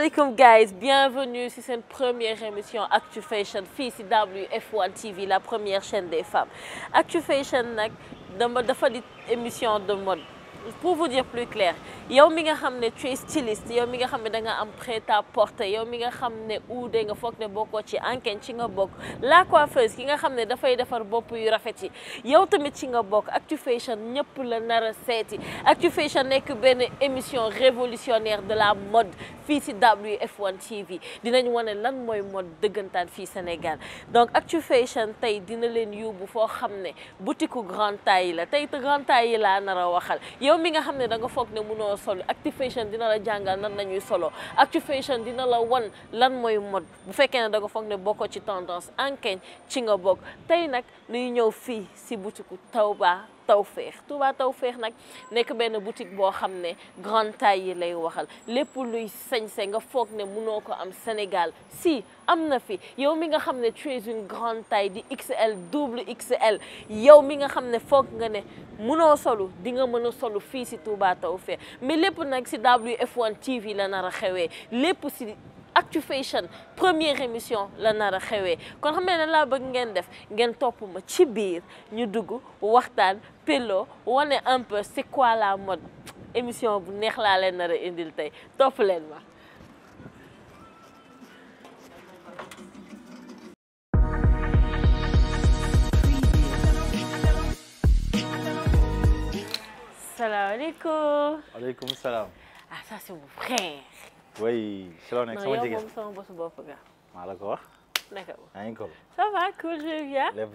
les guys bienvenue sur cette première émission Actu Fashion 1 TV la première chaîne des femmes Actu Fashion une émission de mode pour vous dire plus clair yow mi nga xam tu es styliste yow mi nga xamné da nga am prêt à porter yow mi nga xamné ou uude nga foog né boko ci enquête ci nga bok, la coiffeuse ki nga xamné da fay défar bopp yu rafet yi yow tamit ci nga bok, Actu ñepp la nara séti, seeti nek ben émission révolutionnaire de la mode fii si WF1 TV dinañ wane lan moy mode dëggantaan fi Sénégal donc Actu tay dina leen yóbbu fo xamné ne boutique grande taille la tey grande taille la nara waxal yow yow mi nga xam ne danga foog ne mënoo sol active fashion dina la jàngal nan la ñuy solo active fashion dina la wan lan mooy mode bu fekkee ne danga foog ne bokkoo ci tendance enkeñ ci nga bokk tey nag nuy ñëw fii si butiku baa Tout Touba t'offrir, nag que ben boutique bo xam grande taille yi lay waxal lépp luy sañse nga foog ne munoo ko am Sénégal si amnafi na fi yow mi nga tu es une grande taille di XL double XL yow mi nga xam ne foog nga ne munoo solo di nga mën a solu fii Touba tawféex mais lépp nag WF1 TV la les poules xewee lépp si Actu Fashion première émission la nar a xewee kon xam ne laa bëgg ngeen def ngeen topp ci biir ñu dugg on est un peu c'est quoi la mode émission bu neex pas leen indil tay topp salam. ah ça c'est mon frère. oui. Salam. alaikum. alaikum. jigéen mon salam alaikum. alaikum. wax. ça va cool je bien.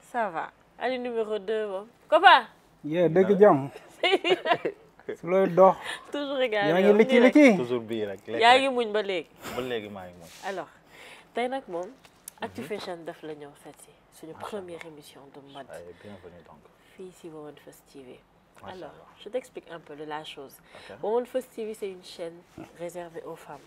ça va. Allez numéro 2 quoi Kopa. Oui! C'est jàmm. su dox. toujours égal yaa ngi likki toujours bien. rek yaa ngi muñ ba léegi. ba léegi ma ngi alors tay nak mom mhm. Actu Fashion daf la ñëw première émission de mode. bienvenue donc. Fille si vous First TV. alors je t'explique un peu la chose. On TV c'est une chaîne réservée aux femmes.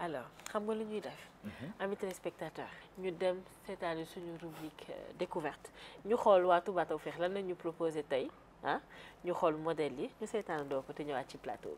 Alors, je vais vous dire, amis téléspectateurs, nous sommes cette année sur une rubrique euh, découverte. Nous allons voir tout ce que nous proposons. Nous allons voir le modèle. Nous sommes cette année sur le plateau.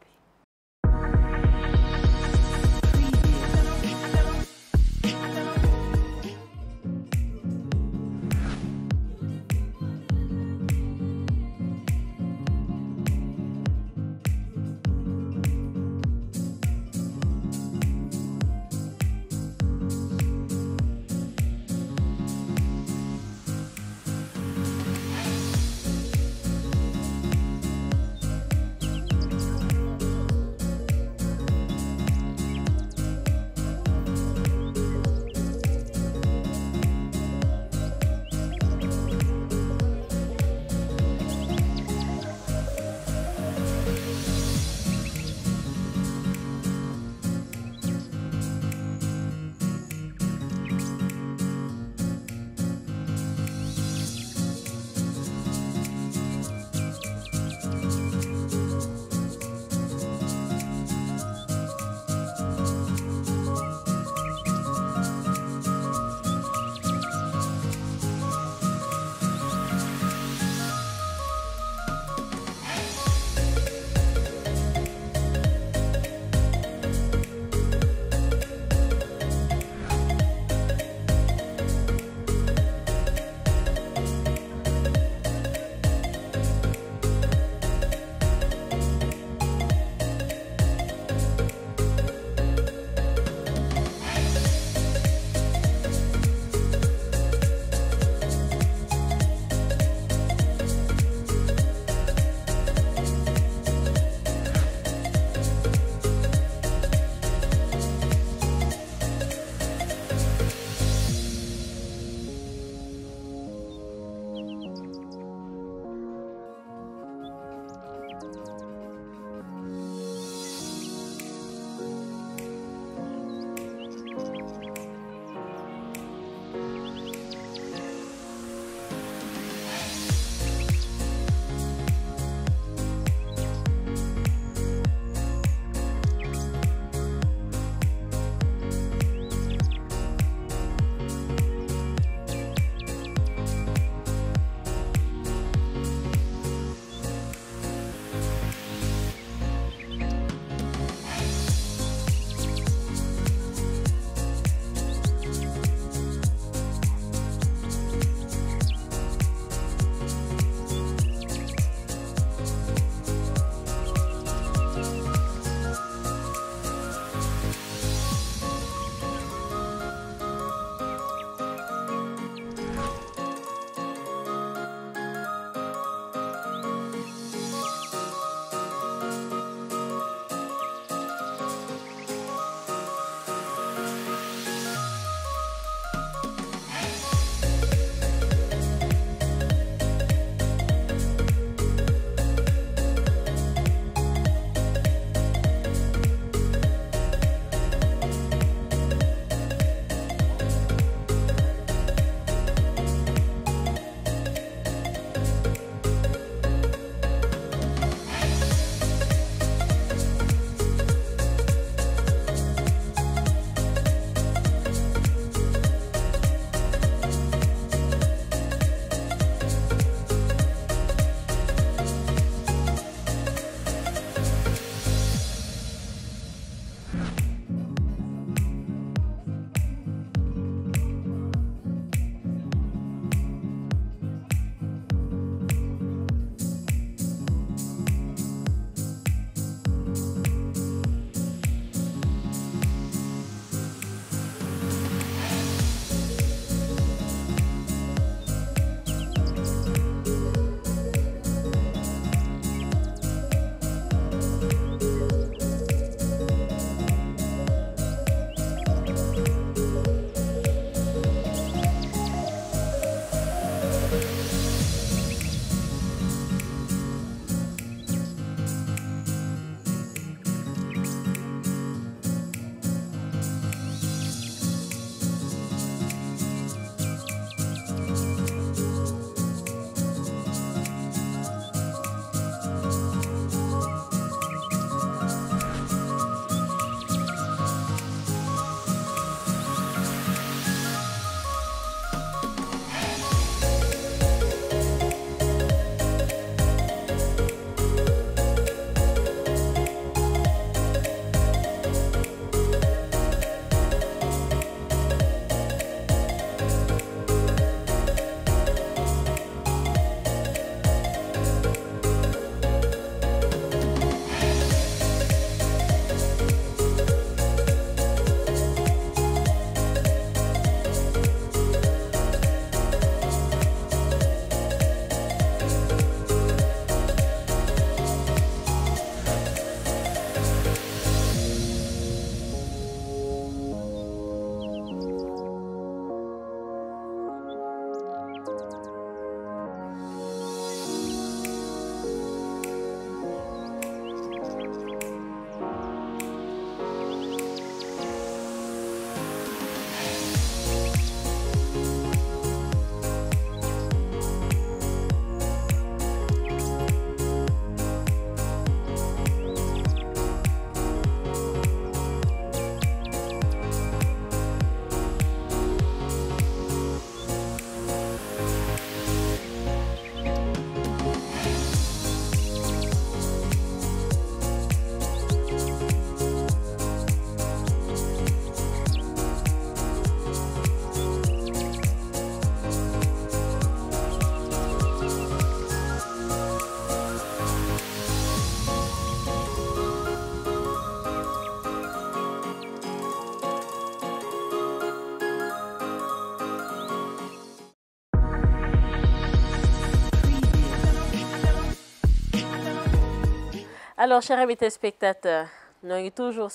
alors chers amis téléspectateurs nous sommes toujours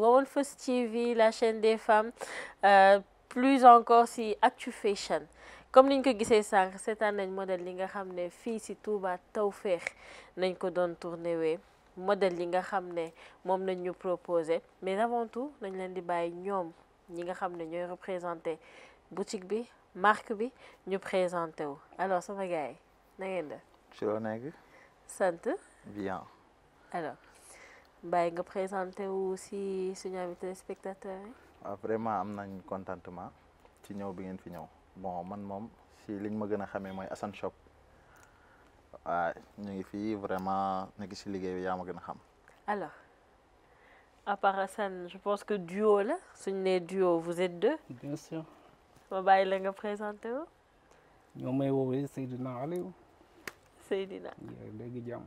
Woman First TV la chaîne des femmes euh, plus encore sur Actu Fashion comme niñ ko gisee sànq seetaan nañ modèle li nga xam ne fii si Touba Tawféex nañ ko doon tourner. wee modèle yi nga xam ne nous nañ ñu proposé mais avant tout nañ leen di nous ñoom ñi nga xam ne représenté boutique bi marque bi ñu présenté wu alors sama gars yi na ngeen Tu ci loo nekk. sant. bien alors bàyyi nga présenté wu si suñu invité spectateur yi. Ah, vraiment am nañ contentement ci ñëw bi ngeen fi ñëw bon man mom, si liñ ma gën a xamee Assane Shop Ah, ñu ngi fi vraiment nek ci liggéey bi yaa ma xam. alors à part Assane je pense que duo la suñu nee duo vous êtes deux. bien sûr. ma bàyyi la nga présenté wu. ñoo may woowee Seydina Aliou. Seydina. léegi jamm.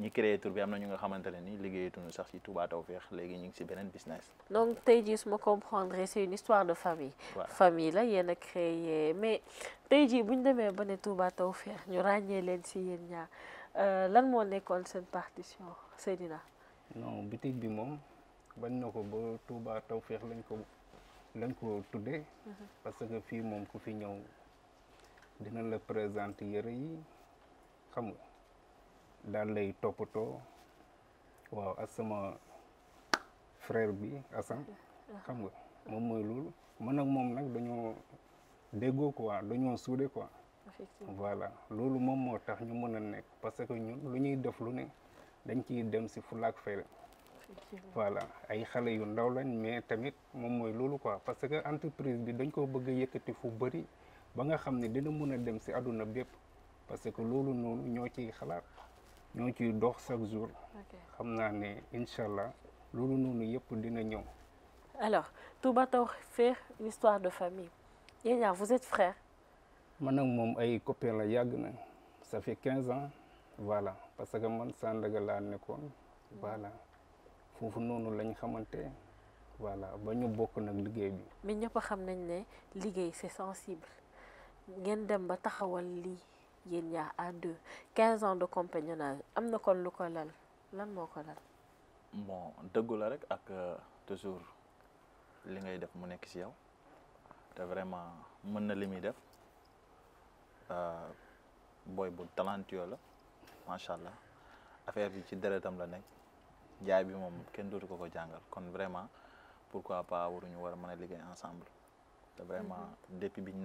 ñi créé tur bi am na ñu nga xamante ne ni liggéeyatuñu sax ci Touba Tawfekh léegi ñu ngi ci beneen business. donc tey jii su ma comprendre c'est une histoire de famille. Ouais. famille la yéen a mais tey jii bu ñu demee ba ne taw Tawfekh ñu ràññee leen ci yéen ñaar euh, lan moo nekkoon seen partition Seydina. non boutique bi moom bañ na ko ba Touba Tawfekh lañ ko lañ ko tuddee. Mhm. parce que fii moom ku fi ñëw dina la présenter yëre yi xam daal lay toppatoo waaw a sama frère bi Assane xam nga moom mooy loolu man ak moom nag dañoo déggoo quoi dañoo suude quoi voilà loolu moom moo tax ñu mën a nekk parce que ñun lu ñuy def lu ne dañ ciy dem si fulaak fayda voilà ay xale yu ndaw lañ mais tamit moom mooy loolu quoi parce que entreprise bi dañ ko bëgg yëkkati fu bëri ba nga xam ne dina mun a dem si àdduna bépp parce que loolu noonu ñoo ciy xalaat ñoo ciy dox chaque jour. xam naa ne incha allah loolu noonu yëpp dina ñëw. alors Touba Tawfekh une histoire de famille yéen vous êtes frères. man ak moom ay copains la yàgg na ça fait 15 ans voilà parce que man Sandaga laa nekkoon voilà foofu noonu lañ xamante voilà ba ñu bokk nag liggéey bi. mais ñëpp xam nañ ne liggéey c'est sensible ngeen dem ba taxawal lii. Il y a 15 ans de compagnonnage am na lu ko lal lan bon la euh, toujours li ngay def mu nekk yow te vraiment mën na li muy def euh, booy bu talentueux la affaire bi ci deretam la nekk jaay bi moom kenn dootu ko ko vraiment pourquoi pas waruñu ensemble te vraiment mhm. depuis biñ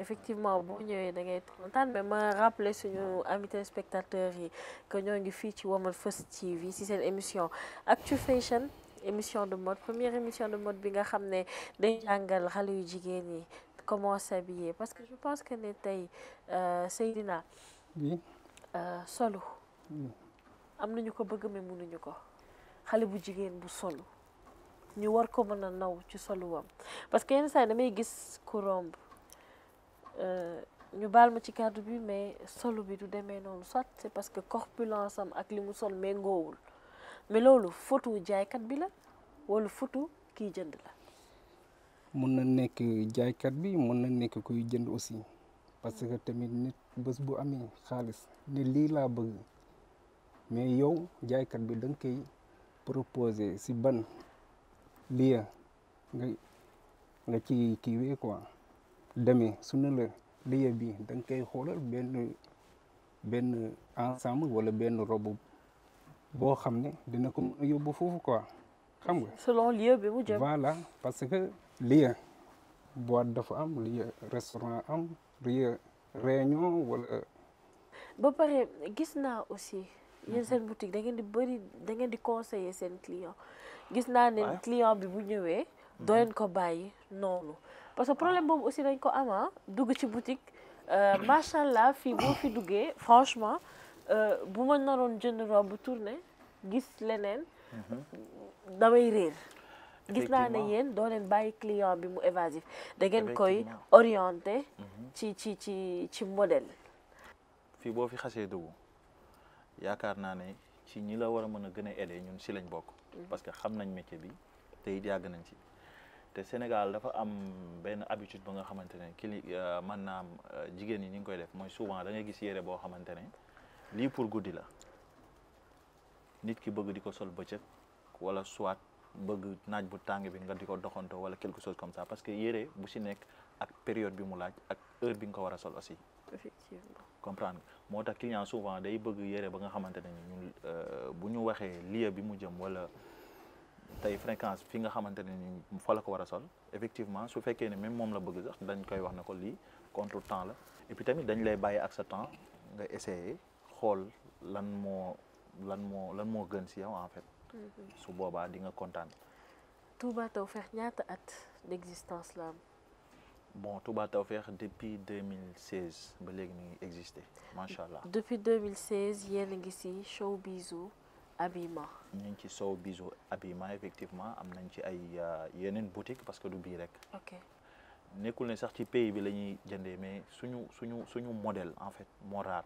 effectivement boo ñëwé da ngay kontaan mais ma rappeler suñu amis téléspectateurs yi que ñoo ngi fi ci Women First TV ci cette émission Actu Fashion émission de mode première émission de mode bi nga xamné ne day jàngal xale yu jigéen yi comment s'habiller parce que je pense que tay euh Seydina. oui euh, solu. am nañu ko bëgg mais mënuñu ko xale bu jigéen bu solu ñu war ko mëna naw ci wam parce que yenn say yi damay gis ku romb. Euh, ñu bal ma ci kàddu bi mais solo bi du demee noonu soit c'est parce que corpulence ak li mu sol méngoowul mais loolu fotu jaaykat bi la wala fotu kiy jënd la. mun na nekk jaaykat bi mun na nekk kuy jënd aussi parce que tamit nit bés bu amee xaalis ne lii laa bëgg mais yow jaaykat bi da nga koy proposer si ban lieu nga nga ci kiiwee quoi. demee su ne la lieu bi da nga koy xoolal benn benn ensemble wala benn robe boo xam ne dina ko mën a yóbbu foofu quoi xam nga. selon lieu bi mu jëm. voilà parce que lieu boîte dafa am lieu restaurant am lieu réunion wala. ba pare gis naa aussi. yéen mhm. seen boutique da ngeen di bëri da ngeen di conseiller seen client gis naa ne client bi bu ñëwee. doo mhm. leen ko bàyyi noonu. parce que problème boobu aussi dañ ko am ah, dugg ci boutique euh, macha allah fii boo fi duggee franchement euh, bu ma naroon jënd robe tourné gis leneen. Mhm. damay réer. gis naa ne yéen doo leen bàyyi client bi mu évasif da ngeen koy orienté. Mhm. ci ci ci ci fii boo fi xasee dugg yaakaar naa ne ci ñi la war a mën a gën a aider ñun si lañ bokk. Mhm. parce que xam nañ métier bi te it yàgg nañ ci. te Sénégal dafa am benn habitude ba nga xamante ne kili euh, mën naam euh, jigéen ñi ñu ngi koy def mooy souvent da gis yére boo xamante ne lii pour guddi la nit ki bëgg di ko sol bëccëg wala soit bëgg naaj bu tàng bi nga di ko doxanto wala quelque chose comme ça parce que yére bu si nekk ak période bi mu laaj ak heure bi nga ko war a sol aussi. effectivement moo tax client souvent day bëgg yére ba nga xamante ne ñun euh, bu ñu waxee lieu bi mu jëm wala. tay fréquence fi nga xamanteni ni fa la ko wara a sol effectivement su fekké ni même mom la bëgg sax dañ koy wax ne ko lii contre temps la et puis tamit dañ lay bàyyi ak sa temps nga essayer xol lan mo lan mo lan mo gën ci yow en fait. Mhm. su boba di nga contane Touba Tawfekh ñaata at d'existence la bon Touba Tawfekh depuis 2016 ba légui ni existé machallah depuis 2016 yéen a ci si showbizu. Abima ñu ngi ci Sow Bijoux Abima effectivement am nañ ci ay euh, yeneen boutique parce que du bii rek. ok nekkul ne sax ci pays bi la ñuy jëndee mais suñu suñu suñu modèle en fait moo rare.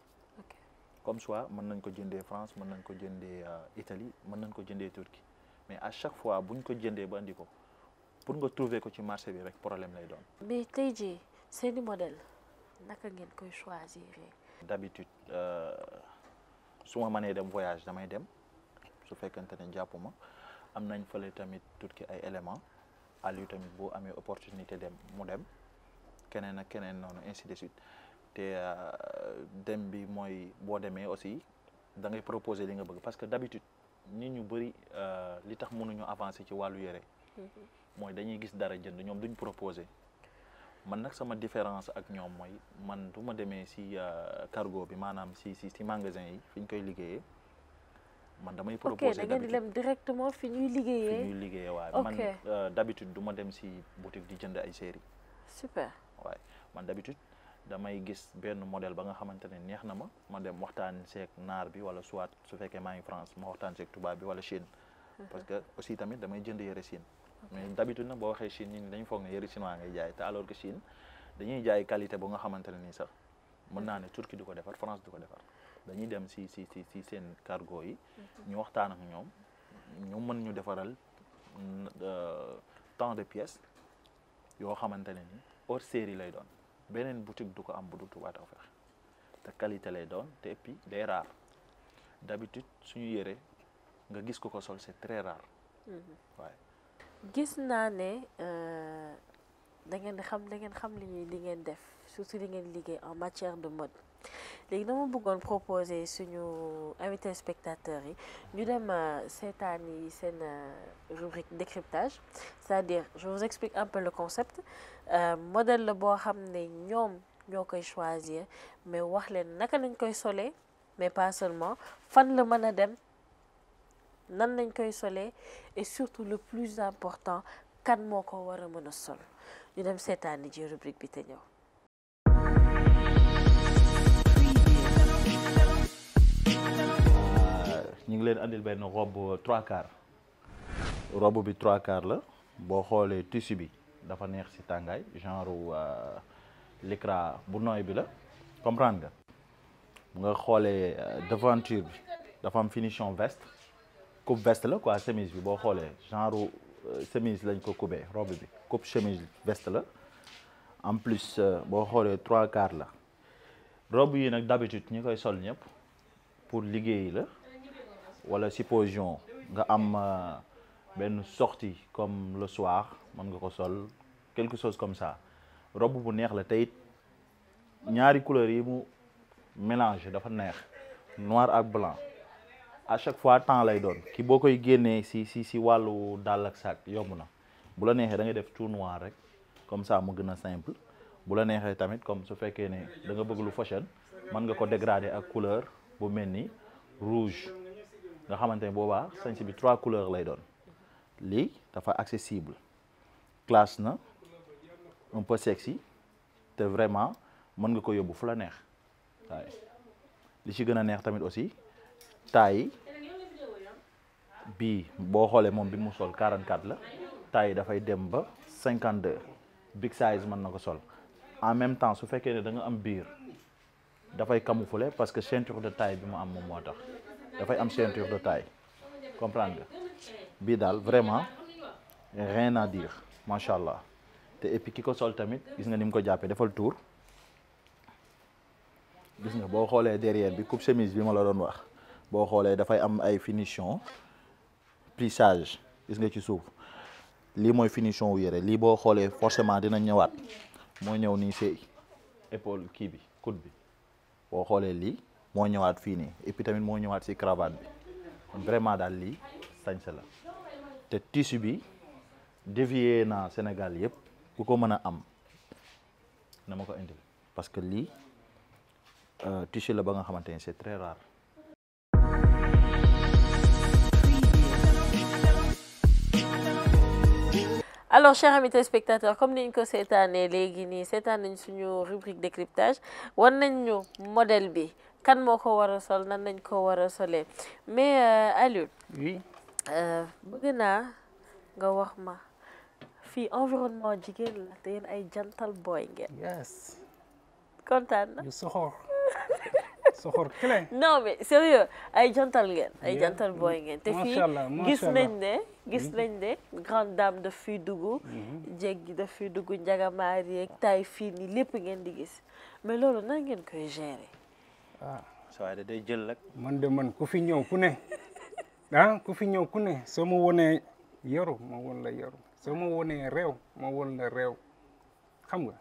comme soit mën nañ ko jëndee France mën nañ ko jëndee euh, Italie mën nañ ko jëndee Turquie mais à chaque fois buñ ko jëndee ba andi ko pour nga trouver ko ci marché bi rek problème lay doon. mais tey c'est seeni modèle naka ngeen koy choisir. d'habitude euh, su ma mënee dem voyage damay dem. su fekkente ne jàppuma am nañ fële tamit ki ay éléments Aliou tamit boo amee opportunité dem mu dem keneen ak keneen noonu ainsi de suite te euh, dem bi mooy boo demee aussi da ngay proposer li nga bëgg parce que d'habitude ni ñu bëri euh, li tax mënuñu avancer ci wàllu yére mm-hmm. mooy dañuy gis dara jënd ñoom duñ proposer man nag sama différence ak ñoom mooy man du ma demee si euh, cargo bi maanaam si si si magasin yi fi ñu koy liggéeyee man damay proposé eh, da ngeen di dem directement fi ñuy liggéeyee fi ñuy liggéeyee waaye man d'habitude du dem si boutique di jënd ay série super waaye man d'habitude damay gis benn model ba nga xamante ne neex na ma ma dem waxtaan seeg naar bi wala soit su fekkee maa ngi France ma waxtaan seeg tubaab bi wala Chine mhm. parce que aussi tamit damay jënd yëre Chine mais d'habitude nag boo waxee Chine ñi dañ foog ne yëre chinois ngay jaay te alors que Chine dañuy jaay qualité bu nga xamante ne sax mën naa ne Turquie du ko France du ko dañuy dem si si si si seen cargo yi mhm. ñu waxtaan ak ñoom ñu mën ñu defaral euh, temps de pièce yoo xamantene ni hors série lay doon beneen boutique du ko am bu dul Touba Tawfekh te qualité lay doon te et puis day rare d'habitude suñu yére nga gis ko ko sol c'est très rare waaye mhm. gis naa ne euh, da ngeen xam da ngeen xam li ñuy li ngeen def surtout li ngeen liggéey en matière de mode léegi dama bëggoon proposer suñu invité spectateurs yi ñu dem euh, seetaan yi euh, rubrique décryptage c'est-à-dire je vous explique un peu le concept euh, modèle la boo xam ne ñoom ñoo koy choisir mais wax leen naka lañ koy mais pas seulement fan la mën a dem nan lañ koy solee et surtout le plus important kan moo ko war a mën a sol ñu dem seetaani ji rubrique bi ñing leen andil ben robe 3 quarts robe bi 3 quarts la bo xolé tissu bi dafa neex ci tangay genre euh l'écran bu noy bi la comprendre nga nga xolé euh, devanture bi dafa am finition veste coupe veste la quoi chemise bi bo xolé genre euh, chemise lañ ko coupé robe bi coupe chemise veste la en plus bo xolé 3 quarts la robe yi nak d'habitude ñi koy sol ñep pour liguey la wala supposition nga am euh, benn sortie comme le soir mën nga ko sol quelque chose comme ça robe bu neex la tête, ñaari couleurs yi mu mélange dafa neex noir ak blanc à chaque fois temps lay doon ki bokoy koy si si si walu dal ak sac yomb na bu la neexee da ngay def tout noir rek comme ça mo gëna simple bu la neexee tamit comme su féké né da nga bëgg lu fashion man nga ko dégrader ak couleur bu melni rouge nga xamantene ne boobaa sañse bi trois couleurs lay doon li dafa accessible classe na un peu sexy te vraiment mën nga ko yóbbu fu la neex waaye li ci gëna neex tamit aussi taille bi bo xolé mom bi mu sol 44 la taille fay dem ba 52 big size mën nako sol en même temps su fekkee ne da nga am da fay camoufler parce que ceinture de taille bi mu am moom dafay am ceinture de taille comprendre nga vraiment rien à dire machallah té et puis ko sol tamit gis nga nim ko tour gis nga bo derrière bi coupe chemise bi ma la wax dafay am ay finition plissage gis nga ci souf li finition wu forcément dina ñëwaat mo ñëw ni épaule ki bi coude bi moo ñëwaat fii et puis tamit moo ñëwaat si cravate bi kon vraiment daal lii sañse la te tissu bi dévié na Sénégal yëpp ku ko a am Namako ma parce que lii euh, tissu la ba nga c'est très rare alors chers amis téléspectateurs comme niñ ko seetaanee léegi nii seetaan nañ suñu rubrique décryptage wan nañ modèle bi kan moo ko war a sol nan lañ ko war a solee mais euh, Aliou. oui. Euh, bëgg naa nga wax ma fii environnement jigéen la te yéen ay jantal booy ngeen. yes. kontaan na. yu soxor soxor clé. mais sérieux ay jantal ngeen. ay jantal booy ngeen. te fii gis nañ ne. gis mm-hmm. nañ ne grande dame daf fi dugg. Mm-hmm. jéggi daf fi dugg njagamaar yeeg tay fii nii lépp ngeen di gis mais loolu nan ngeen koy gérer. Ah. waaw saa day jël rek. man de man ku fi ñëw ku ne ah ku fi ñëw ku ne soo ma wonee yaru ma won la yaru soo ma wonee réew ma won la réew xam nga.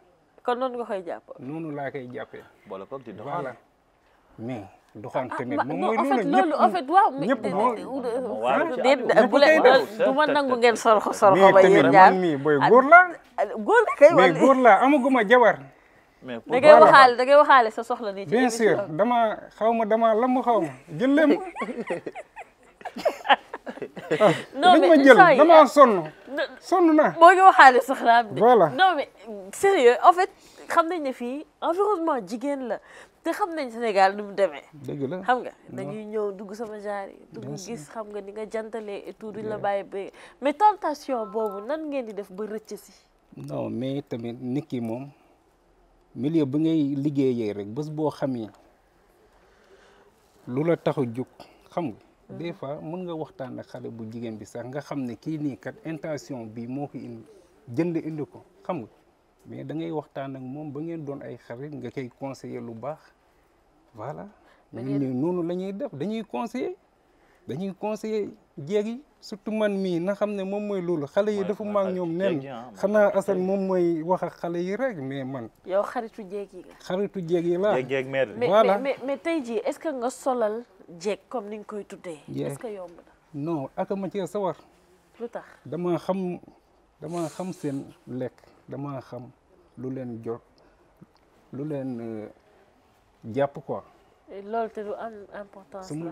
ka noonu nga laa koy jàppee. boole ko di doxal voilà mais. doxaan ah, loolu ñëpp en fait waaw du ma nangu ngeen sorxo sorxo ba yéen ñaar mais booy góor la kay mais góor laa amaguma jabar. mais da ngay waxaale da waxaale sa soxla nii. bien sûr dama xaw dama lamb xaw ma jël leen ma. non mais ma jël dama sonn. sonn naa boo ngi waxaale soxlaam bi. voilà non mais sérieux en fait xam nañ ne fii environnement jigéen la te xam nañ Sénégal nu mu demee. dëgg la xam nga dañuy ñëw dugg sama genre yi. dugg gis xam nga ni nga jantale et tout la bàyyi ba mais tentation boobu nan ngeen di def ba rëcc si. non tamit nit ki moom. milieu ba ngay liggéeyee rek bës boo xamee lu la tax a jóg xam nga. Mm-hmm. des fois mën nga waxtaan ak xale bu jigéen bi sax nga xam ne kii nii kat intention bi moo ko indi jënd indi ko xam nga mais da ngay waxtaan ak moom ba ngeen doon ay xarit nga koy conseiller lu baax voilà. ñun noonu la def dañuy conseiller dañuy conseiller. jeeg yi surtout man mii na xam ne moom mooy loolu xale yi dafa maag ñoom nen ah, xanaa Assane moom mooy wax ak xale yi rek mais man yow xaritu jeeg yi la xaritu jeeg yi laa voilà mais mais tey jii est-ce que nga solal jeeg comme ni nga koy tuddee est-ce que yomb na non ak ma cee sawar lu tax damaa xam damaa xam seen lekk damaa xam lu leen jot lu leen euh, jàpp quoi loolu te lu am importance la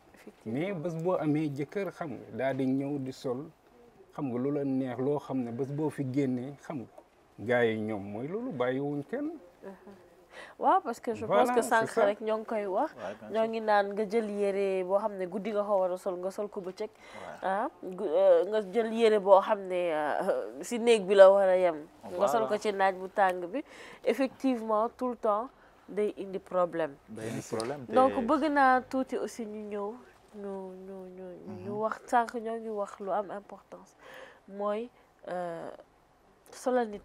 mais bés boo amee jëkkër xam nga daal di ñëw di sol xam nga lu la neex loo xam ne bés boo fi génnee xam nga yi ñoom mooy loolu bàyyiwuñ kenn. Uh-huh. waaw parce que je pense que sànq rek ñoo ngi koy wax ñoo ngi naan nga jël yére boo xam ne guddi nga ko war a sol nga sol ko bëccëg ah euh, nga jël yére boo xam ne euh, si néeg bi la war a yem nga sol ko ci naaj bu tàng bi effectivement tout le temps day indi problème donc bëgg naa tuuti aussi ñu ñëw Nous nous, nous, nous, wax nous, nous, importance nous, euh, nous,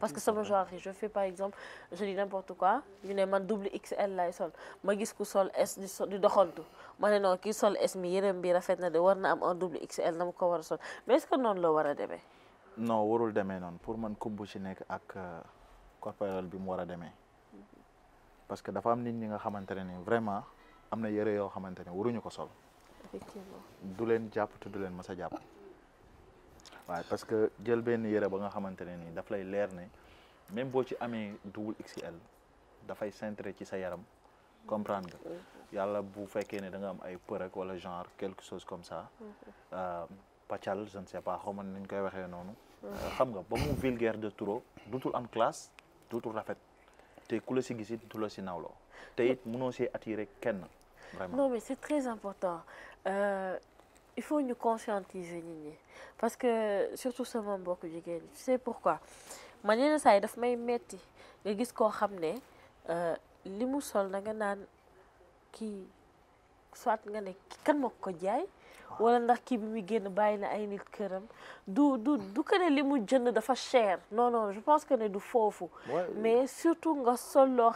parce que je fais par exemple je dis n'importe quoi une nous, double XL nous, sol ma gis sol S di ne sol S mi nous, bi na de un double XL mais est-ce que nous nous, non pour moi, nous, ci nous, ak euh, corporel bi mu mhm. parce que dafa am nit ñi vraiment. am na yëre yoo xamante ne waruñu ko sol. du leen jàpp te du leen ma sa jàpp. waaw parce que jël benn yére ba nga xamante ne nii daf lay leer ne même boo ci amee double XL dafay centré ci sa yaram comprendre nga. Mm-hmm. yàlla bu fekkee ne da nga am ay përëk wala genre quelque chose comme ça. Mm-hmm. Euh, pàccal je ne sais pas xaw ma ni koy waxee noonu. Mm-hmm. Euh, xam nga ba mu vulgaire de trop dutul am classe dutul rafet te ku la si gis du la si nawloo te it mënoo see attiré kenn. Vraiment. Non, mais c'est très important. Euh, il faut nous conscientiser Nini. parce que surtout sama mbokk jigéen tu sais pourquoi man yenn saa yi daf may metti nga gis koo xam ne euh, li mu sol na nga naan kii soit nga ne kan ma ko jaay wala ndax kii bi muy génn ay du du du que ne li mu cher non non je pense ne du mais surtout nga sol lo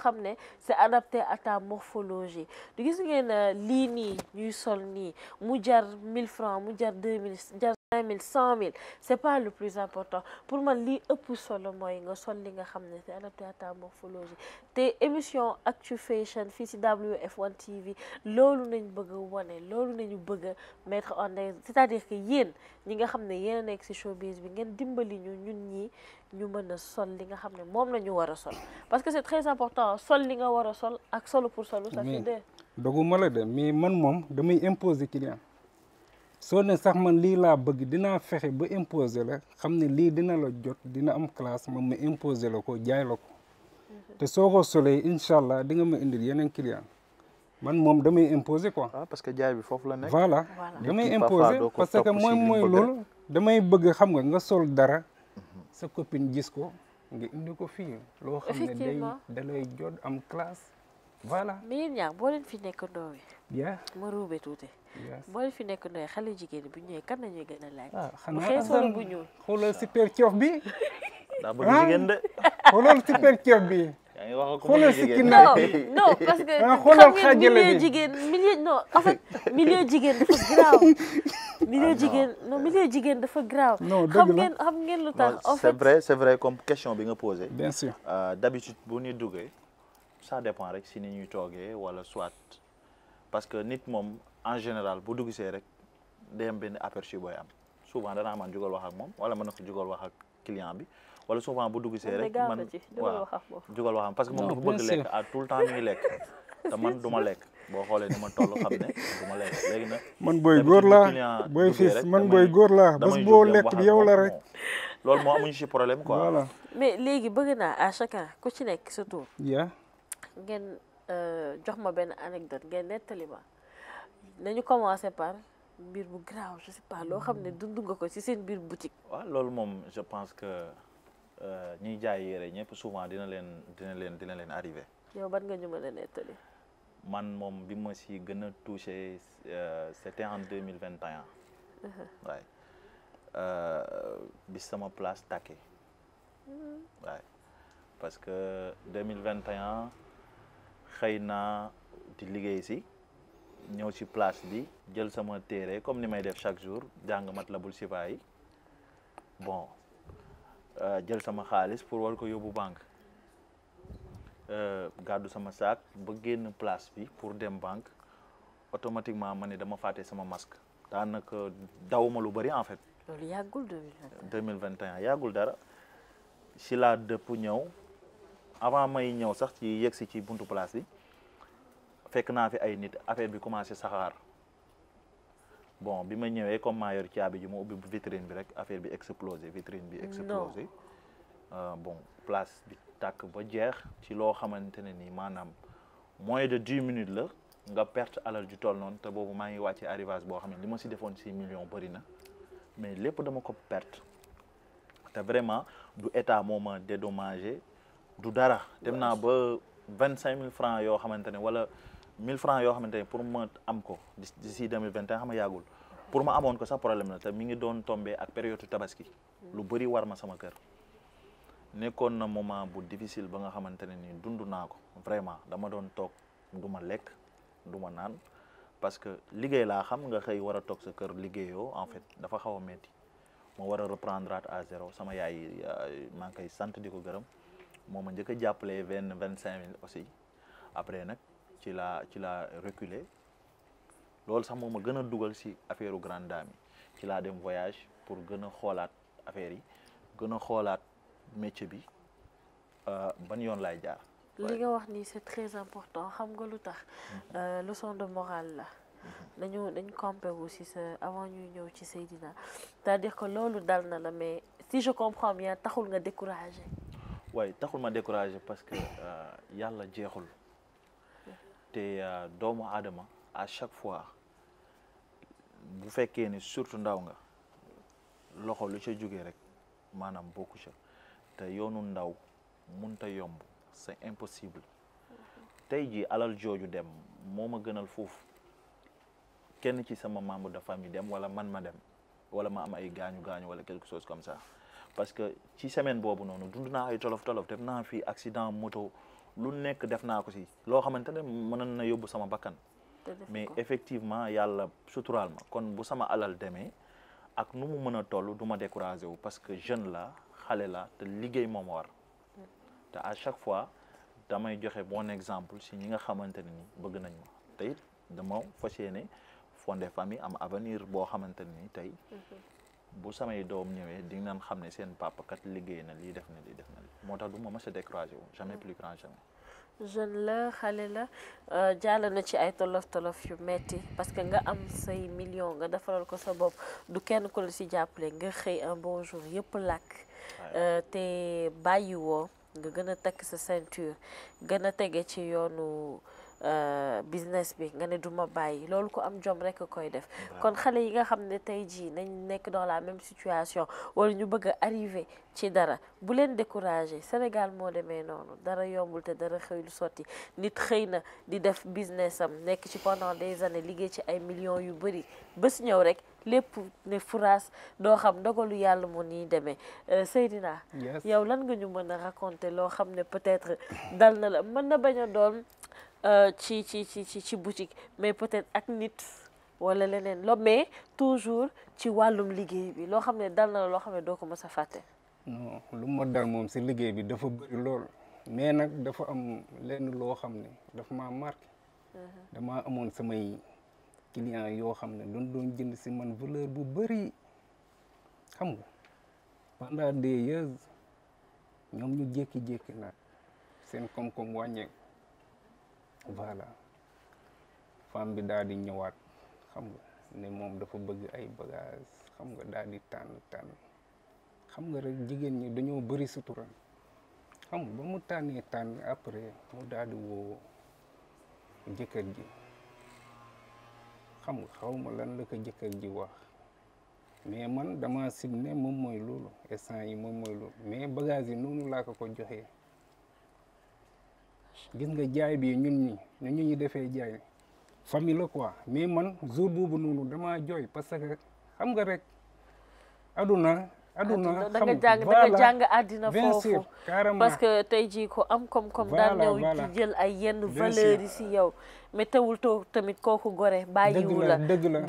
c'est adapté à ta morphologie du gis ngeen euh, sol ni. mu jar 1000 francs 2000 cinq mille c'est pas le plus important pour moi, li ëpp solo moy nga sol li nga xamné té c'est adapté à morphologie Té émission actuation fi fii ci WF1 TV lolu nañ bëgg woné lolu loolu nañu bëgg mettre en avant c'est-à-dire que yeen ñi nga xamné yeen nek ci showbiz bi ngeen dimbali ñu ñun ñi ñu mëna sol li nga xamné ne lañu wara sol parce que c'est très important sol li nga wara sol ak solo pour solo ça c'est dé doguma la dé mais man mom damay imposer client soo ne sax man lii laa bëgg dinaa fexe ba imposer la xam ne lii dina la jot dina am classe man ma imposer la ko jaay la ko mhm. te soo ko solee incha allah di nga ma indil yeneen client man moom damay imposer ko ah parce que jaay bi foofu la nekk. voilà damay imposer parce que mooy mooy loolu. damay bëgg xam nga nga sol dara mhm. sa copine gis ko nga indi ko fii. loo xam ne day da jot am classe. voilà mais yéen boo leen fi nekk ndoowe. bien ma c'est vrai c'est vrai comme question bien bien sûr euh, d'habitude ça dépend avec si ni soit parce que en général bu dugg sé rek day am benn aperçu boy am souvent dana man jugal wax ak mom wala man ko jugal wax ak client bi wala souvent bu dugg sé rek man jugal wax am parce que mom dafa bëgg lek à ah, tout le temps ñuy lek te man duma lek bo xolé ni ma tollu xam ne du ma lekk léegi man boy gor la boy fils man boy gor la bas bo lek bi yow la rek lool mo amuñ ci problème quoi voilà mais légui bëgg na à chacun ku ci nekk surtout ya ngeen euh jox ma ben anecdote ngeen netali ba nañu commencer par bir bu grave je sais pas lo xamné ne dund nga ko ci seen bir boutique. wa loolu mom je pense que euh ñi jaay yéré ñëpp souvent dina leen dina leen dina leen arriver yow ban nga ñu mën a man mom bi ma si gëna a euh c'était en 2021 mille vingt et un. Uh-huh. Euh, bi sama place taqué -hmm. waay parce que 2021 xeyna di liggéey si. ñëw ci place bi jël sama téré comme ni may def chaque jour jang mat la bul euh, jël sama kalis, pour war ko bank euh gaddu sama sak, ba génn place bi pour dem bank automatiquement ma dama faté sama masque daanaka dawuma lu bari en fait lolu yagul 2021 yagul dara si laa dëpp ñëw avant may ñëw sax ci ci buntu place bi fekk naa fi ay nit affaire bi commencé saxaar bon bi ma ñëwee comme mayor yor caabi ji ma ubbi vitrine bi rek affaire bi explosé vitrine bi explosé euh, bon place bi tàkk ba jeex ci loo xamante ne nii maanaam moins de dix minutes la nga perte alal ju toll noonu te boobu maa ngi wàcce arrivage boo xam ne li ma si defoon 6 millions bëri na mais lépp dama ko perte te vraiment du état moment ma dédommagé du dara dem naa ba vingt cinq mille francs yoo xamante ne wala 1000 francs yoo xamante ne pour ma am ko d'ici 2021 xam nga yàggul pour ma amoon ko sax problème la te ngi doon tombé ak période tabaski lu bëri war ma sama kër nekkoon na moment bu difficile ba nga xamante ne ni dund naa ko vraiment dama doon toog du ma lekk du ma naan parce que liggéey laa xam nga xëy war a toog sa kër liggéeyoo en fait dafa xaw a metti ma war a reprendre à zéro sama yaay maa ngi koy sant di ko gërëm moo ma njëkk jàppale vingt vingt cinq mille aussi après nag tu l'as tu l'as reculé sax ma a si dame tu l'as voyage pour affaire yi métier bi euh, ban c'est très important xam mm-hmm. euh, leçon de morale la. Mm-hmm. avant ñuy c'est-à-dire na mais si je comprends bien taxul nga découragé. taxul ma découragé parce que euh, yalla jeexul te euh, doomu adama à chaque fois bu faites ni surtout ndaw nga loxo lu ca jógee rek beaucoup cher. te yoonu ndaw yomb c'est impossible tey jii alal jooju dem moma ma gënal ken kenn ci sama membre de famille dem wala man ma dem wala ma am ay gaañu gaañu wala quelque chose comme ça parce que ci semaine boobu noonu dund na ay tolof tolof dem na fi accident moto lu nekk def naa ko si loo xamante ne mënoon na yóbbu sama bakkan mais effectivement yàlla suturaal ma kon bu sama alal demee ak nu mu mën a toll du ma découragé wu parce que jeune la xale la te liggéey moom war te à chaque fois damay joxe bon exemple si ñi nga xamante ni bëgg nañ ma te it dama fas yéene famille am avenir boo xamante ni tey mhm bu samay doom ñëwee di naan xamné seen papa kat liggéey na li def na li def na lii moo tax du ma mës a jamais plus grand jamais. jeune la xale la euh, jàll na ci ay tolof tolof yu metti parce que nga am say million nga defaral ko sa bopp du kenn ko la si jàppale nga xëy un bon jour yëpp làkk euh, te bàyyiwoo nga gën a takk sa ceinture gën a tege ci yoonu. Euh, business bi nga ne du ma bàyyi loolu ko am jom rek koy def kon xale yi nga xam ne tey jii nañ nekk dans la même situation wala ñu bëgg a arrivé ci dara bu leen découragé Sénégal moo demee noonu dara yombul te dara xëyul sotti nit xëy na di def business am nekk ci pendant des années liggéey ci ay millions yu bëri bés ñëw rek lépp ne furaas doo xam ndogalu yàlla mu nii demee euh, Seydina yow lan nga ñu mën a raconter loo xam ne peut-être dal na la mën na bañ a doon Euh, ci ci ci ci ci mais peut-être ak nit wala leneen loo mais toujours ci wàllum liggéey bi loo xam ne dal na loo xam ne doo ko mës a fàtte. non lu moom si liggéey bi dafa bëri lool mais nag dafa am lenn loo xam ne dafa ma marqué. Mhm. dama amoon samay clients yoo xam ne doon doon jënd si man valeur bu bëri xam nga pendant des ñoom ñu jékki-jékki nag seen koom-koom wàññeeku. voilà femme bi daal di ñëwaat xam nga ne moom dafa bëgg ay bagage xam nga daal di tànn tànn xam nga rek jigéen ñi dañoo bëri sutura xam ba mu tànnee tànn après mu daal di woo jëkkër ji xam nga xaw ma lan la ko jëkkër ji wax mais man dama sit ne moom mooy loolu instant yi moom mooy loolu mais bagage yi noonu laa ko ko joxee gis nga jaay bi ñun ñi ne ñu ñu defee jaay famille la quoi mais man jour boobu noonu damaa jooy parce que xam nga rek aduna aduna da nga jàng da nga jàng àddina foofu parce que tey jii ko am koom-koom daan ñëw ci jël ay yenn valeurs yi si yow mais teewul toog tamit kooku gore bàyyiwu la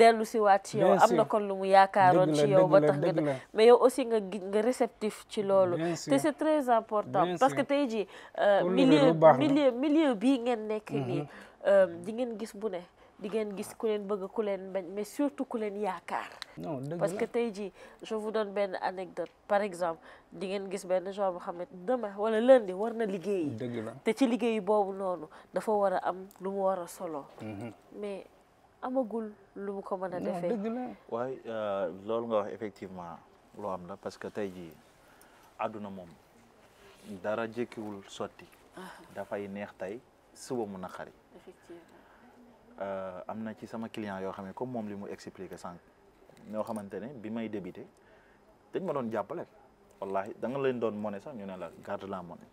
dellu si waat ci am na kon lu mu yaakaaroon ci yow ba tax nga mais yow aussi nga nga réceptif ci loolu te c'est très important parce que tey jii euh, milieu milieu milieu bii ngeen nekk mhm. nii euh, di ngeen gis bu ne di ngeen gis ku leen bëgg ku bañ mais surtout ku leen non parce que tey jii je vous donne ben anecdote par exemple di ngeen gis ben genre boo xam demain wala lundi warna na liggéeyi. la te ci liggéeyi bobu noonu dafa wara am lu mu war solo. Mhm. mais amagul lu mu ko mën a defee. dëgg la waaye euh, loolu nga wax effectivement lo am la parce que tey jii àdduna moom dara jékkiwul sotti. Ah. dafay neex tay suba mun xari. effectivement. Euh, am na ci sama client yoo xam ne comme moom li mu expliqué sànq ñoo xamante ne bi may débuté dañ ma doon jàppale wallahi da nga leen doon monnaie sax ñu ne la garde la monnaie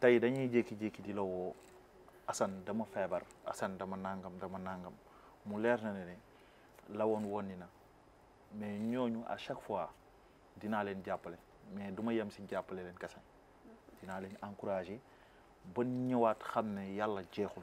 tey dañuy jékki-jékki di la woo dama feebar Assane dama nàngam dama nàngam mu leer na ne ne la woon woon na mais ñooñu à chaque fois dinaa leen jàppale mais du ma yem si jàppale leen kese dinaa leen encouragé ba ñëwaat xam ne yàlla jeexul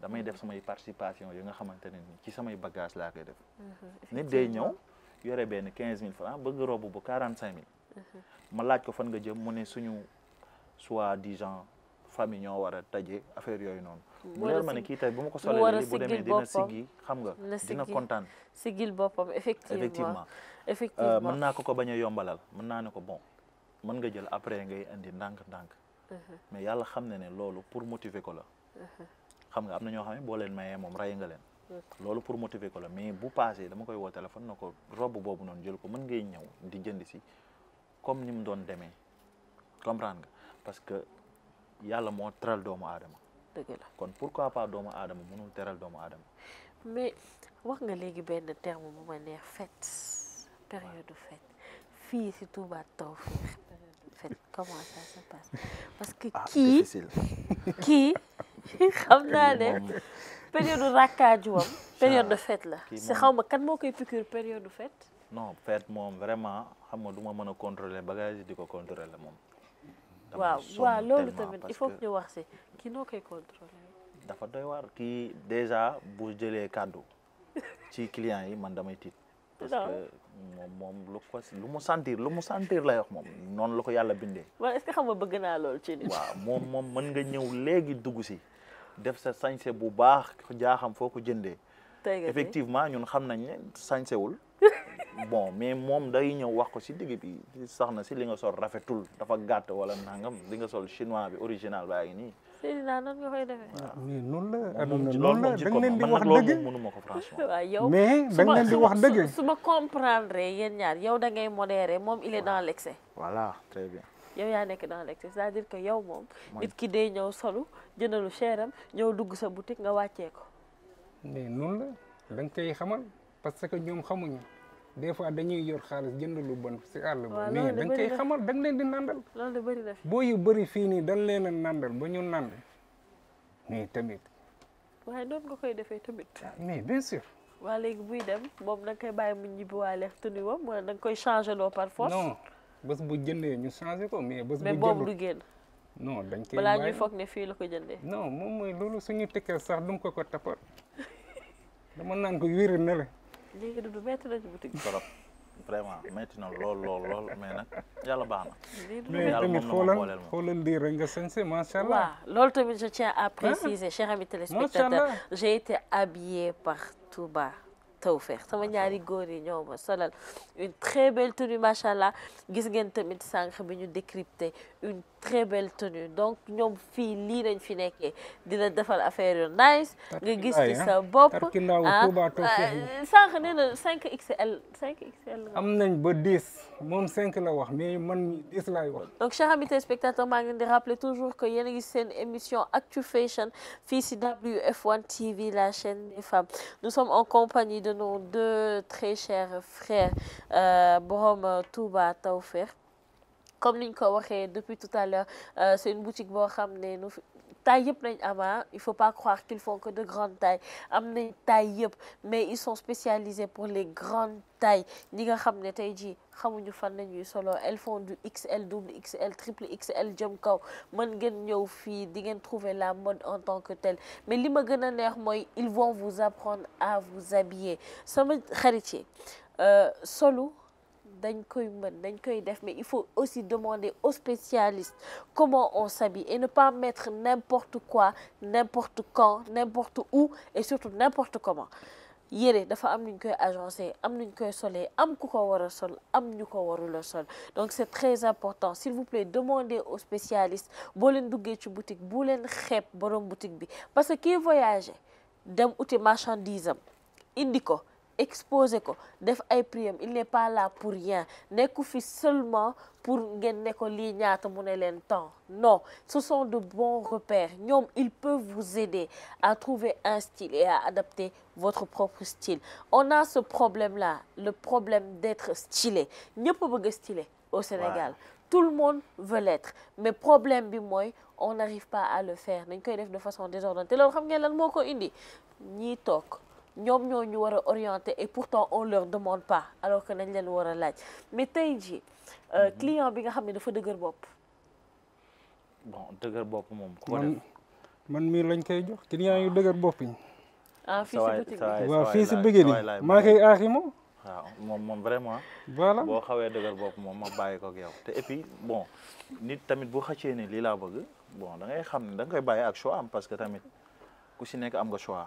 damay def samay participation yi nga xamante ne ni ci samay bagage laa koy def mhm, nit day ñëw yore benn quinze mille francs bëgg robb bu quarante cinq mille mhm. ma laaj ko fan nga jëm mu ne suñu soi-disant famille ñoo war a taje affaire yooyu noonu mu leer ma ne kii tey bu ma ko solee bu demee dina siggi xam nga dina kontaan sigil boppam effectivement effectivement euh, mën naa ko ko bañ a yombalal mën naa ne ko bon mën nga jël après ngay indi ndànk-ndànk mhm. mais ko la xam nga am na ñoo xam ne boo leen mayee moom rey nga leen loolu pour motiver ko la mais bu passé dama koy woo téléphone na ko robb boobu noonu jël ko mën ngay ñëw di jënd si comme ni mu doon demee comprendre nga parce que yàlla moo teral doomu aadama dëgg la kon pourquoi pas doomu aadama mënul teral doomu aadama mais wax nga léegi benn terme bu ma neex fête période fête fii si Touba Tawfekh période fête comment ça se passe parce que ah, kii kii xam naa ne période rakkaaju période de fête la si xaw ma kan moo koy piqûre période de fête non fête moom vraiment xam nga du ma mën a contrôler bagage di ko la moom waaw waaw loolu tamit il faut que wax si kii noo koy contrôler dafa doy waar kii déjà bu jëlee kàddu ci clients yi man damay tiit parce que moom moom lu ko lu mu sentir lu mu sentir lay wax moom noonu la ko yàlla bindee. waaw est xam nga bëgg naa lool ci nit. waaw moom moom mën nga ñëw léegi dugg si. def sa sañse bu baax jaaxam foo ko jëndee effectivement ñun xam nañ ne sañsewul bon mais moom day ñëw wax ko si digg bi sax na si li nga sol rafetul dafa gàtt wala nangam li nga sol chinois bi original baa ngi nii naa nan nga koy defee. waaw ah, mais noonu la aduna noonu la da nga leen wax dëgg mënuma ko franchement. waaw yow mais da leen di wax dëgg. su ma comprendre yéen ñaar yow da ngay modéré moom il est dans l'excès. voilà très yow yaa nekk dans l'excès c'est-à-dire que yow moom it ki day ñëw solu jëndalu cheram ñëw dugg sa boutique nga wàccee ko mais noonu la da koy xamal parce que ñoom xamuñu des fois dañuy yor xaalis jënd lu bon si àll ba koy xamal da nga leen di nandal loolu bëri na fi boo yu bëri fii nii dañ leen a nandal ba ñu nand mais tamit waaye doon nga koy defee tamit mais bien sûr waa léegi buy dem moom da nga koy bàyyi mu ñibbi waa leef tuni wam wala da koy changé loo par force bés bu jëndee ñu changé ko mais. bés bu jëndul mais boobu du génn. non dañ koy balaa ñuy ne fii la ko jëndee. non moom mooy loolu suñu tëkkee sax du ko ko tapal dama naan ko wéeru ne la. léegi du métti na ci boutique mais ma booleel moom mais tamit xoolal xoolal lii rek nga sensé macha allah. waaw loolu tamit je a à préciser. chers amis téléspectateurs j'ai été habillée par Touba. tawfeex sama ñaari góor yi ñoo ma solal une très belle tenue machallah gis ngeen tamit sank bi ñu décrypter une très belle tenue donc ñoom fii lii lañ fi nekkee dina defal affaire yu nice nga gis ci hein? sa bopp ah, ah sànq nee 5XL 5XL. am nañ ba 10 moom 5 la wax mais man 10 laay wax. donc chers amis téléspectateurs maa ngi leen rappeler toujours que yéen a une seen émission Actu Fashion fii WF1 TV la chaîne des femmes nous sommes en compagnie de nos deux très chers frères euh, borom Touba Tawfekh comme nous l'avons ko depuis tout à l'heure euh, c'est une boutique qui a ne taille plein nañ ah. faut pas croire qu'ils font que de grandes tailles Amener taille tailles, mais ils sont spécialisés pour les grandes tailles Ni nga ne fan solo elles font du XL double XL triple XL jëm kaw mën ngeen ñëw di trouver la mode en tant que telle mais li ma je neex moy ils vont vous apprendre à vous habiller sama xarit euh Solo mais il faut aussi demander aux spécialistes comment on s'habille et ne pas mettre n'importe quoi n'importe quand n'importe où et surtout n'importe comment Il dafa am nuñ koy agencé am nuñ koy solee am a sol am sol donc c'est très important s'il vous plaît demandez aux spécialistes Boulen leen ci boutique boulen leen borom boutique parce que kii voyagé dem uti marchandise marchandises. dit exposé ko def ay il n'est pas là pour rien pas fi seulement pour gagner vous ko à temps non ce sont de bons repères il ils peuvent vous aider à trouver un style et à adapter votre propre style on a ce problème là le problème d'être stylé ñepp bëgg être stylé au Sénégal tout le monde veut l'être mais problème bi qu'on on n'arrive pas à le faire dañ koy def de façon désordonnée te xam ngeen lan moko indi ñom ñoo ñu wara orienter et pourtant on leur demande pas alors que nañ leen wara laaj mais tey jii euh, mm-hmm. client bi nga xam dafa dëgër bop bon dëgër bop mom ko def man mi lañ koy jox client yu dëgër bop yi. ah fii si boutique bi waaw fii si bëggee nii maa koy waaw moom moom vraiment. voilà bo xawé dëgër bop mom ma bayiko ak yow te et puis bon nit tamit bu xëccee ni li la bëgg bon da ngay xam ne da ngay bayé ak choix am parce que tamit ku ci nek am nga choix.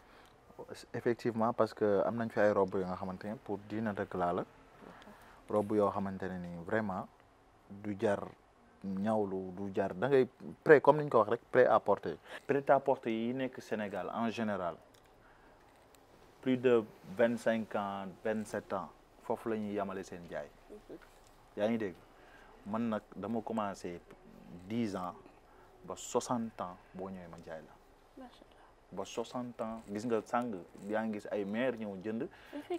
effectivement parce que am nañ fi ay robe yo nga pour dina deug la la robe yo xamante ni vraiment du jar ñawlu du jar da ngay prêt comme niñ ko wax rek prêt à porter prêt à porter yi nek Sénégal en général plus de 25 ans 27 ans fofu la yamalé sen jaay ya ngi dégg man nak dama commencé 10 ans ba 60 ans bo ñëwee ma jaay la 60 ans gis nga sang ya ngi gis ay mère ñëw jënd.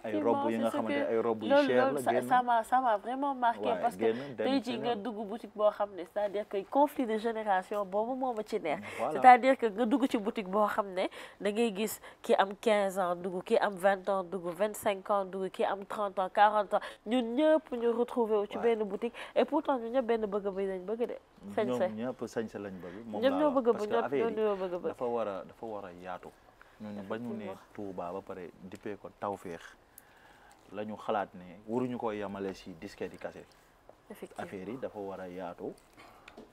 ay robe yi nga xamanté ay cher la ça m'a ça m'a vraiment marqué. parce que tay jii nga dugg boutique bo xamné c'est-à-dire que conflit de génération bobu mo ma ci neex. Mm, c'est-à-dire que nga dugg ci boutique bo xamné ne da ngay gis ki am 15 ans dugg ki am 20 ans dugg 25 ans dugg ki am 30 ans 40 ans ñun ñëpp ñu retrouver au ci benn boutique et pourtant ñu ñëpp benn bëgg-bëgg lañ bëgg sañ ñëpp sañ sa lañ bëgg. moom laa parce que affaire dafa war dafa war a yaatu. ñooñu ba ñu ne Touba ba pare dippee ko tawféex la ñu xalaat ne waruñu ko yemale si disquette yi kase. effectivement yi dafa war a yaatu.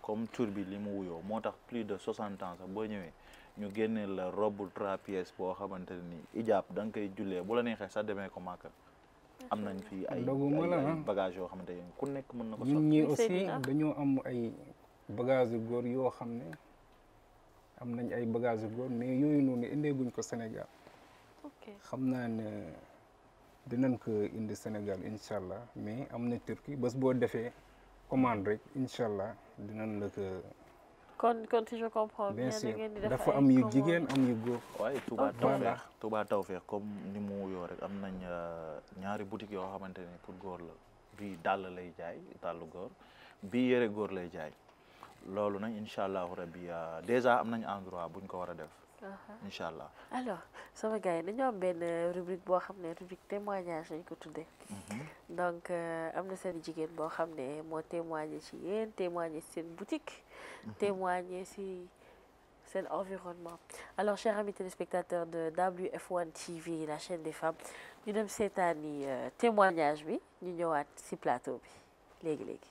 comme tur bi li mu wuyoo moo tax plus de soixante ans sax boo ñëwee ñu génne la robe trois pièces boo xamante ni ijaab da nga koy jullee bu la neexee sax demee ko màkk am nañ fi ay ah. bagage yoo xamante ne ku nekk mën na ko. ñun ñii aussi am ay bagage yu góor yoo xam ne am nañ ay bagage yu góor mais yooyu noonu indeeguñ ko Sénégal xam naa ne dinañ ko indi Sénégal incha allah mais am na Turquie bés boo defee commande rek incha allah dinañ la ko dafa am yu jigéen am yu góor. waaye Touba Tawfekh Touba Tawfekh comme ni mu wuyoo rek am nañ euh, ñaari boutique yoo xamante ne pour góor la bii dàll lay jaay dàllu góor bii yére góor lay jaay. loolu nag inshallah rabbi euh, déjà am nañ endroit buñ ko wara def. inshallah alors sama gars dañu am ben rubrique bo xamné rubrique témoignage lañ ko tuddee. Mhm. donc euh, amna na jigen bo xamné mo ne ci yéen témoigné ci seen boutique. Mhm. témoigné ci seen environnement. alors chers amis téléspectateurs de WF1 TV la chaîne des femmes ñu dem seetaani témoignage bi ñu ñëwaat ci plateau bi léegi léegi.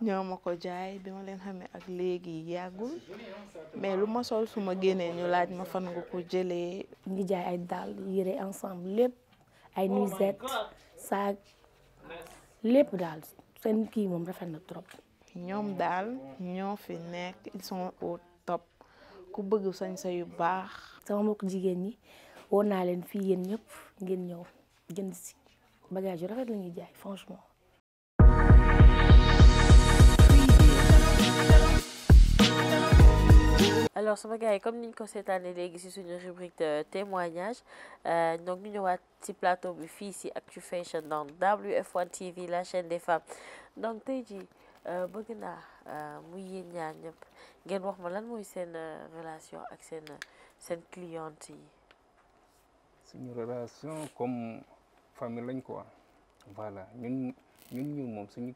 ñoo ma ko jaay bi ma leen xamee ak léegi yàggul mais lu ma sol su ma génnee ñu laaj ma fan nga ko jëlee ñu ngi jaay ay dàll yére ensemble lépp ay nuisette saag lépp daal seen kii moom rafet na trop ñoom daal ñoo fi nekk ils sont au top ku bëgg sañsa yu baax sama mbokk jigéen ñi woon naa leen fii yéen ñëpp ngeen ñëw jënd si bagage yu rafet la ñuy jaay franchement alors sama gars comme niñ ko seetaanee léegi si suñu rubrique de témoignage euh, donc ñu ñëwaat si plateau bi fii si Actu Fashion dans wf TV la chaîne des femmes donc tey jii euh, bëgg naa euh, muy yéen ñaar ñëpp ngeen wax ma lan mooy seen relation ak seen seen cliente suñu relation comme famille lañ quoi voilà ñun ñun ñu moom suñu.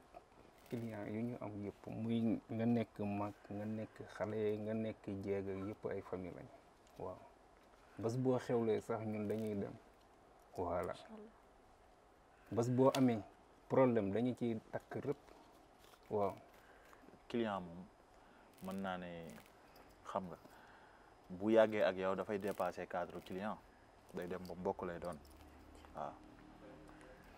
client yu ñu am yépp muy nga nekk mag nga nekk xale nga nekk jéeg ak yépp ay famille lañ waaw bés boo xewlee sax ñun dañuy dem voilà bés boo amee problème dañu ciy takk rëpp waaw client moom mën naa ne xam nga bu yàggee ak yow dafay dépasser cadre client day dem ba mbokk lay doon waaw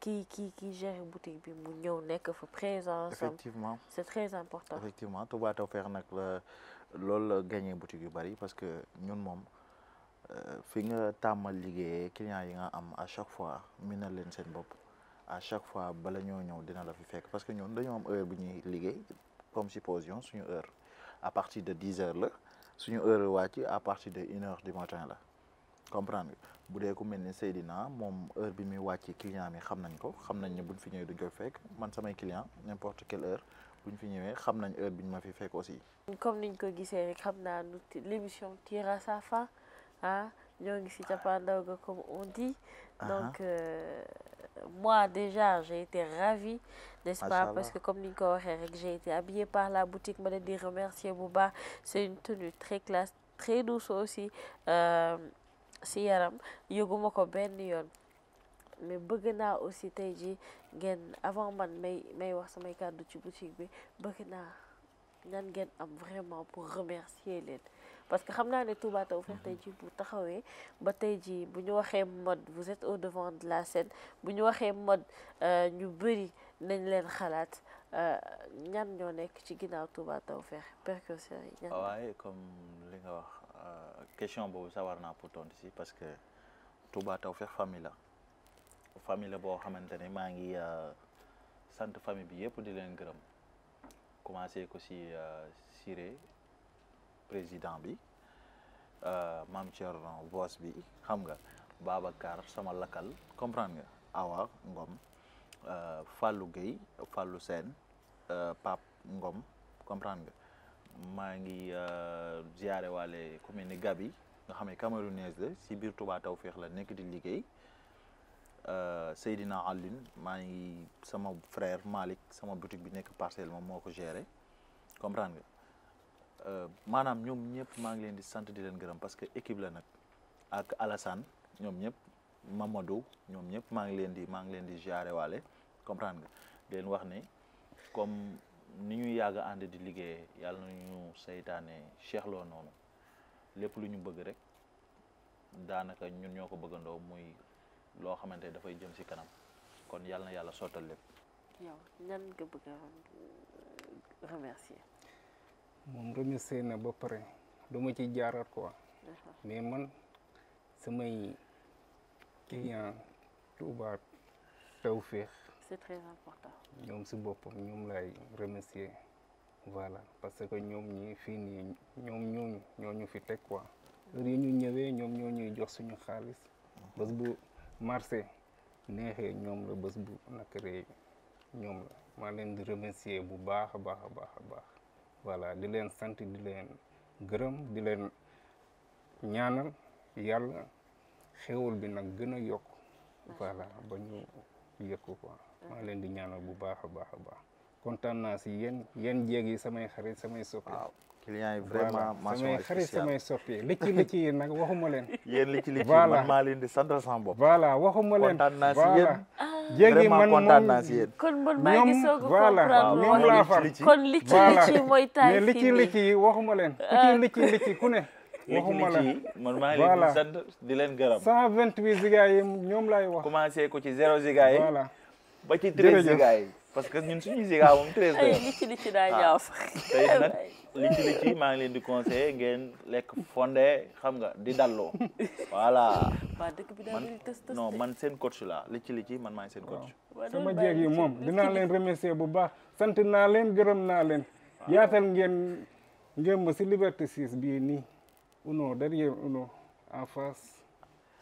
Qui qui qui gère boutique bi nous ñëw nekk fa présence effectivement c'est très important effectivement Touba Tawfekh faire la le la gagné boutique yu bari parce que ñun moom euh, fi nga tàmmal liggéeyee clients yi nga am à chaque fois minal leen seen bop à chaque fois bala ñoo ñëw dina la fi fekk parce que ñoon dañoo am heure bu ñuy ligé comme supposition suñu heure à partir de dix heures la suñu heure wàcc à partir de une heure du matin là, comprendre bu je comme niñ l'émission tire à sa fin ah comme on dit. donc euh, moi déjà j'ai été ravie n'est-ce pas parce que comme ni j'ai été habillée par la boutique je voulais remercier bu c'est une tenue très classe très douce aussi. Euh, si yaram yëguma ko benn yoon mais bëgg aussi tayji jii avant man may may wax samay cadeau ci boutique bi bëgg naa ñan ngeen am vraiment pour remercier leen parce que xamna né Touba Tawfekh mhm. tey jii bu taxawé ba tayji buñu waxé ñu mode vous êtes au devant de la scène buñu waxé waxee euh ñu bëri nañ leen xalaat euh, ñan ñoo nek ci ginaaw Touba Tawfekh percusseurs yi. ñan waaye comme li nga wax question bobu pour ton ici, parce que Touba famille la famille la ngi euh, famille bi di commencé ko euh, président bi euh, mam boss bi xam nga Babacar sama comprendre nga Ngom Fallou Fallou pap Ngom comprendre maa ngi euh, ziare waale ku mel ni Gabi nga xam ne camerounaise la si biir Touba Tawféex la nekk di liggéey euh, Seydina Alioune maa ngi sama frère Malick sama boutique bi nekk parcelle moom moo ko géré comprendre nga euh, maanaam ñoom ñëpp maa ngi leen di sant di leen gërëm parce que équipe la nag ak Alassane ñoom ñëpp Mamadou ñoom ñëpp maa ngi leen di maa ngi leen di ziare waale comprendre nga leen wax ne comme. ni ñuy yàgg a ànd di liggéey yàlla nañu saytaane cheikh loo noonu lépp lu ñu bëgg rek daanaka ñun ñoo ko bëggandoo muy loo xamante ne dafay jëm si kanam kon yàlla na yàlla sottal lépp. yow moom remercier na ba pare du ma ci jaaraat quoi. mais man samay client Touba Tawfekh. c'est très important. ñoom si boppam ñoom lay remercier voilà parce que ñoom ñi fii nii ñoom ñooñu ñoo ñu fi teg quoi heure yi ñu ñëwee ñoom ñoo ñuy jox suñu xaalis bés bu marché neexee ñoom la bés bu nakaree ñoom la maa leen di remercier bu baax a baax a baax a baax voilà di leen sant di leen gërëm di leen ñaanal yàlla xewul bi nag gën a yokk voilà ba ñu yëkk quoi maa leen di ñaanal bu baax a baax a baax kontaan naa si yéen yéen jéeg yi samay xarit samay soppi. waaw client yi vraiment. samay xarit samay soppi lëcc lëcc yi nag waxuma leen. yéen lëcc lëcc yi man maa leen di sant sama bopp. voilà waxuma leen kontaan naa si yéen. Ah. jéegi man moom kon man maa ngi soog a comprendre ñoom laa far kon lëcc lëcc yi mooy taay fi mais lëcc lëcc yi waxuma leen. ku ci lëcc lëcc ku ne. waxuma la man maa leen di sant di leen gërëm. 128 ziga yi ñoom laay wax. commencé ko ci zéro ziga yi. ba parce que ñun suñu giga moom li ci li ci daa li maa ngi leen di conseillé ngeen lekk fondé xam nga di daloo voilà waa dëkk bi daal tës man seen coach la li ci li ci man maa ngi seen coach sama jeeg yi moom dinaa leen remercier bu baax sant naa leen gërëm naa leen yaatal ngeen ngeen ma si liberté 6 ni nii uno derrière uno en face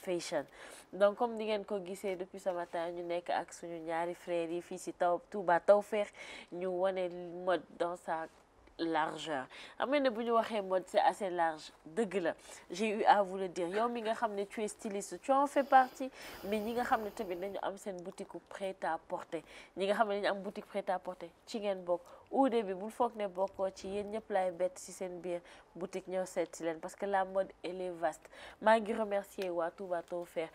Fashion donc comme ni ngeen ko depuis ce matin ñu nekk ak suñu ñaari frères yi fii ci taw Touba Tawfekh ñu le mode dans sa largeur am na nous ñu de mode c'est assez large dëgg la j'ai eu à vous le dire yow mi nga tu es styliste tu en fais partie mais ñi nga xam ne tamit dañu am boutique prête à porter ñi nga xam am boutique prête à porter ci ngeen uude bi bul foog ne bokkoo ci yéen ñëpp laay bett si seen biir boutique ñoo seet si leen parce que la mode elle est vaste maa ngi remercier waa Touba Tawfekh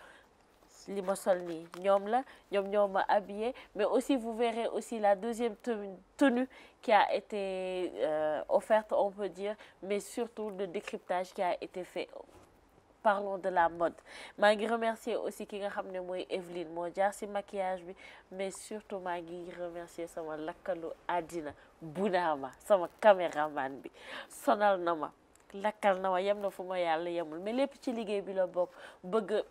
li ma sol nii ñoom la ñoom ñoo ma habillé mais aussi vous verrez aussi la deuxième tenue qui a été euh, offerte on peut dire mais surtout le décryptage qui a été fait parlons de la mode Je remercie remercier aussi ki nga xam ne Evelyne moo maquillage bi mais surtout je ngi remercier sama lakalu Adina. Bunaama sama caméraman bi sonal Nama, ma lakkal na ma yem mais les ci liggéey bi la bokk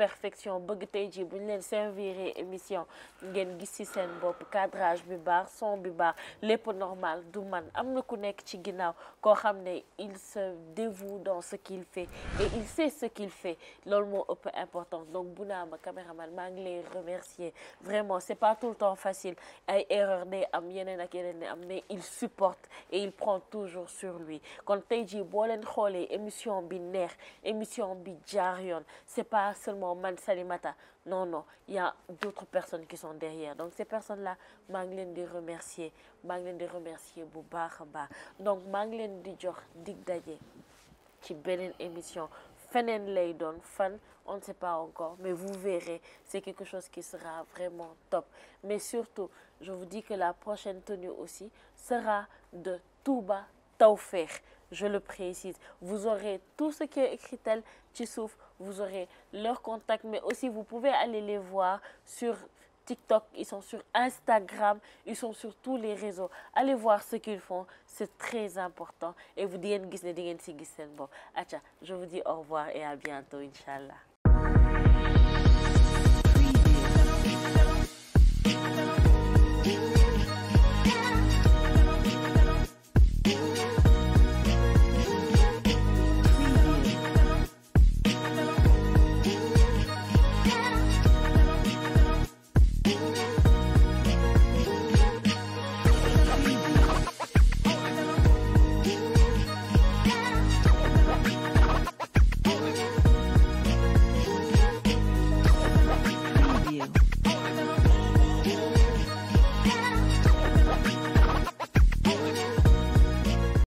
perfection bëgg tey jii bu ñu leen émission ngeen gis ci seen bopp cadrage bi baax son bi baax lépp normal du man am na ku nekk ci ginnaaw koo xam il se dévoue dans ce qu'il fait et il sait ce qu'il fait loolu moo ëpp important donc bu naa ma caméraman maa ngi remercier vraiment c'est pas tout le temps facile ay erreur day am yeneen ak yeneen am mais il supporte et il prend toujours sur lui kon tey jii boo leen xoolee émission bi neex émission bi jaar yoon c'est pas seulement non, Salimata. Non, non, il y a d'autres personnes qui sont derrière. Donc, ces personnes-là, Manglen de remercier. Manglen de remercier Donc, Manglen de Djor, Dig Daye, qui belle émission. Fenen Leydon, fan, on ne sait pas encore, mais vous verrez, c'est quelque chose qui sera vraiment top. Mais surtout, je vous dis que la prochaine tenue aussi sera de Touba Taufer je le précise. Vous aurez tout ce qui est écrit tel Tissouf, vous aurez leur contact. mais aussi vous pouvez aller les voir sur TikTok, ils sont sur Instagram, ils sont sur tous les réseaux. Allez voir ce qu'ils font, c'est très important. Et vous dites, je vous dis au revoir et à bientôt, Inch'Allah.